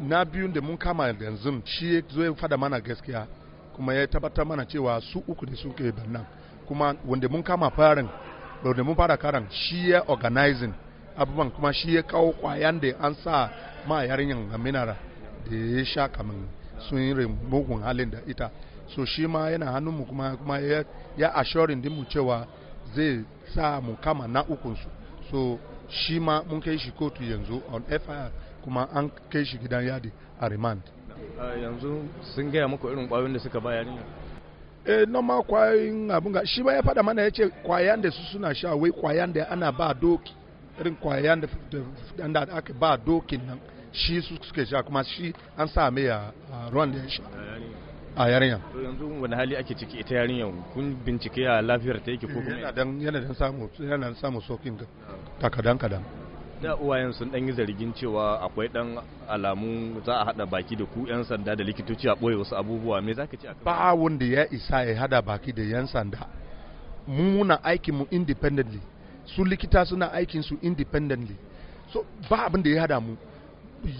na biyun da mun kama yanzu shi ya zo fada mana gaskiya kuma ya tabbatar mana cewa su uku ne suke bannan kuma wanda mun kama farin wanda mun fara karan shi ya organizing abubuwan kuma shi ya kawo kwayan da an sa ma yarinyan minara da ya sha kamin sun yi mugun halin da ita so shi ma yana hannunmu kuma kuma ya assuring mu cewa zai sa mu kama na ukunsu so shi ma mun kai shi kotu yanzu on fir kuma an kai shi gidan yadi a remand yanzu sun gaya muku irin kwayoyin da suka ba ne eh normal kwayoyin abin ga shi ba ya faɗa mana ya ce kwayan da su suna sha wai kwayan da ana ba doki irin kwayan da aka ba dokin nan shi su suke sha kuma shi an sa mai a ruwan da ya sha a yarinya to yanzu wani hali ake ciki ita yarinyar kun bincike a lafiyar ta yake ko kuma eh, yana dan samu yana dan samu sokin ga kadan kadan da uwayen sun dan yi zargin cewa akwai dan alamu za a hada baki da ku yan sanda da likitoci a boye wasu abubuwa me zaka ce ba wanda ya isa ya hada baki da yan sanda mu muna aikin mu independently su likita suna aikin su independently so ba abin da ya hada mu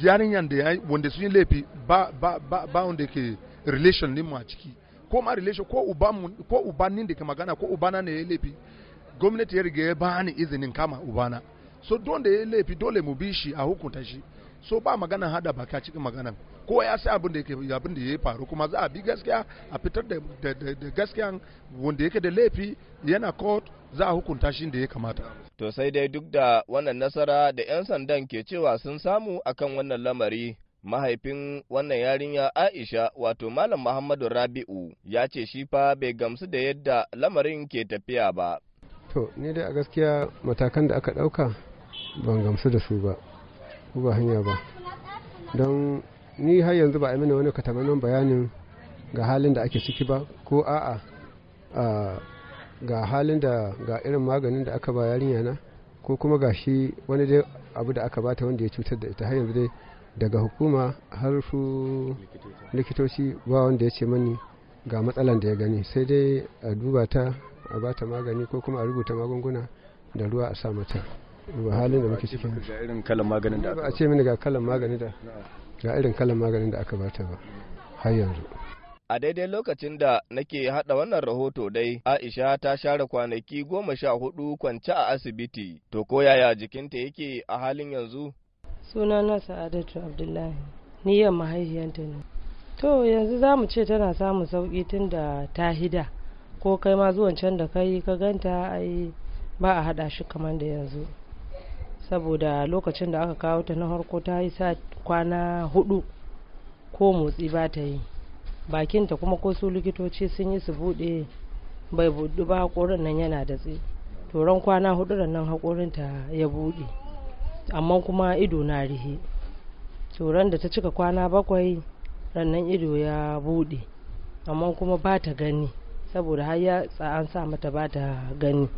yarinyan da ya wanda sun yi laifi ba ba ba, ba wanda ke relation din mu a ciki ko ma relation ko uba mu ko uba nin da ke magana ko uba na ne ya laifi gwamnati ya riga ya bani izinin kama uba na. so don da ya laifi dole mu bi shi a hukunta shi so ba magana hada baka cikin maganan ko ya sai abin da yake abin da ya faru kuma za a bi gaskiya a fitar da da gaskiya wanda yake da laifi yana court za a hukunta shi da ya kamata to sai dai duk da wannan nasara da yan sandan ke cewa sun samu akan wannan lamari mahaifin wannan yarinya Aisha wato Malam Muhammadu Rabi'u ya ce shi fa bai gamsu da yadda lamarin ke tafiya ba to ni dai a gaskiya matakan da aka dauka ban gamsu da su ba ko ba hanya ba don ni har yanzu ba a mini wani katamanin bayanin ga halin da ake ciki ba ko a'a ga halin da ga irin maganin da aka ba yarinya na ko kuma ga shi wani dai abu da aka bata wanda ya cutar da ita har yanzu dai daga hukuma har su likitoci ba wanda ya ce mani ga matsalan da ya gani sai dai a duba ta a bata magani ko kuma a rubuta magunguna da ruwa a sa mata halin da muke ciki ga irin kalan maganin da a ce mini ga kalan maganin da ga irin kalan maganin da aka bata ba har yanzu a daidai lokacin da nake hada wannan rahoto dai aisha ta share kwanaki goma sha hudu kwance a asibiti to ko yaya jikinta yake a halin yanzu sunana sa'adatu abdullahi ni yan mahaifiyanta ne to yanzu za mu ce tana samun sauki tun da ta hida ko kai ma zuwan can da kai ka ganta ai ba a hada shi kamar da yanzu saboda lokacin da aka kawo ta na harko ta yi sa kwana hudu ko motsi ba ta yi bakinta kuma ko su likitoci sun yi su bude bai budu ba haƙorin nan yana da tsi toron kwana hudu nan haƙorinta ya buɗe amma kuma ido na rihe toron da ta cika kwana bakwai rannan ido ya buɗe amma kuma ba ta gani saboda har ya an sa mata ba ta gani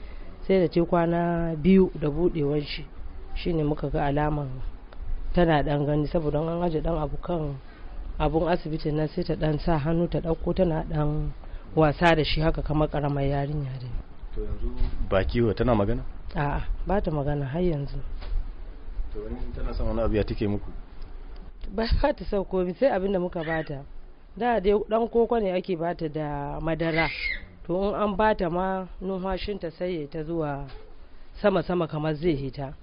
sai da ce kwana biyu da buɗewar shi shine muka ga alaman tana dan gani saboda an aje dan abu kan abun asibiti nan sai ta dan sa hannu ta dauko tana dan wasa da shi haka kamar karamar yarinya ne. to yanzu ba kiwo tana magana a'a ba ta magana har yanzu to in tana son wani abu ya take muku ba ba ta son komi sai abin da muka bata da dai dan koko ne ake bata da madara to in an bata ma numfashinta sai ta zuwa sama-sama kamar zai hita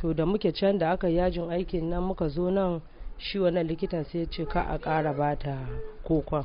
to da muke can da aka yajin aikin nan muka zo nan shi wannan likitan sai ce ka a ƙara bata kokon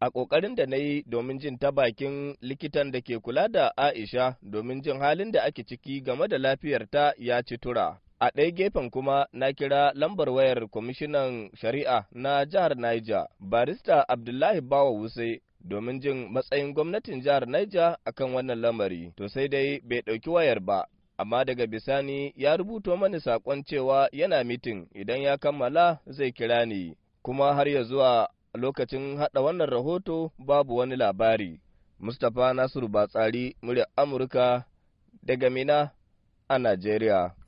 a ƙoƙarin da na yi domin jin ta bakin likitan da ke kula da aisha domin jin halin da ake ciki game da lafiyarta ya ci tura a ɗaya gefen kuma na kira lambar wayar kwamishinan shari'a na jihar niger barista abdullahi bawa wuse domin jin matsayin gwamnatin jihar niger akan wannan lamari to sai dai bai ɗauki wayar ba amma daga bisani ya rubuto mani saƙon cewa yana mitin idan ya kammala zai kira ni, kuma har ya zuwa lokacin haɗa wannan rahoto babu wani labari. Mustapha Nasiru Batsari, murya Amurka, daga Mina a Najeriya.